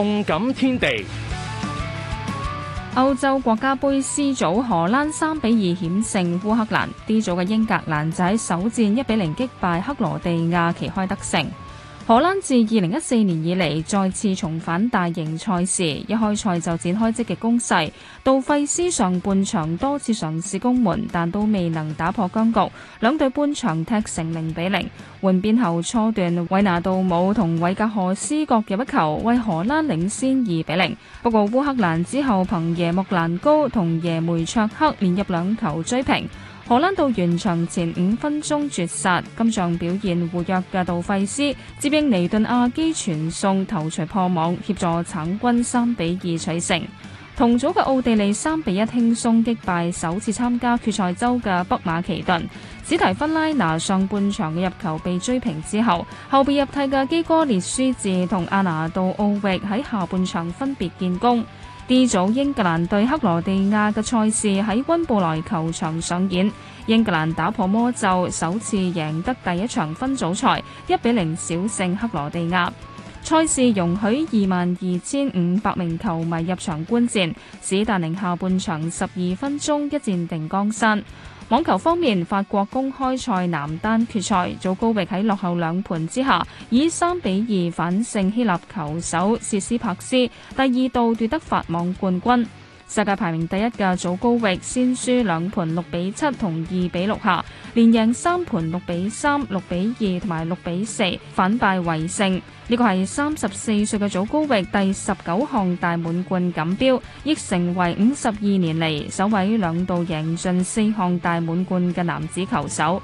動感天地，歐洲國家盃 C 組荷蘭三比二險勝烏克蘭，D 組嘅英格蘭仔首戰一比零擊敗克羅地亞，旗開得勝。荷蘭自二零一四年以嚟再次重返大型賽事，一開賽就展開積極攻勢。杜費斯上半場多次嘗試攻門，但都未能打破僵局，兩隊半場踢成零比零。換邊後初段，韋拿杜姆同韋格荷斯各入一球，為荷蘭領先二比零。不過烏克蘭之後憑耶木蘭高同耶梅卓克連入兩球追平。荷蘭到完場前五分鐘絕殺，今仗表現活躍嘅杜費斯接應尼頓亞基傳送頭槌破網，協助橙軍三比二取勝。同組嘅奧地利三比一輕鬆擊敗首次參加決賽周嘅北馬其頓。史提芬拉拿上半場嘅入球被追平之後，後備入替嘅基哥列舒治同阿拿度奧域喺下半場分別建功。D 組英格蘭對克羅地亞嘅賽事喺溫布萊球場上演，英格蘭打破魔咒，首次贏得第一場分組賽，一比零小勝克羅地亞。賽事容許二萬二千五百名球迷入場觀戰，史達寧下半場十二分鐘一戰定江山。網球方面，法國公開賽男單決賽，祖高域喺落後兩盤之下，以三比二反勝希臘球手謝斯帕斯，第二度奪得法網冠軍。世界排名第一嘅祖高域先輸兩盤六比七同二比六下，連贏三盤六比三、六比二同埋六比四，反敗為勝。呢個係三十四歲嘅祖高域第十九項大滿貫錦標，亦成為五十二年嚟首位兩度贏盡四項大滿貫嘅男子球手。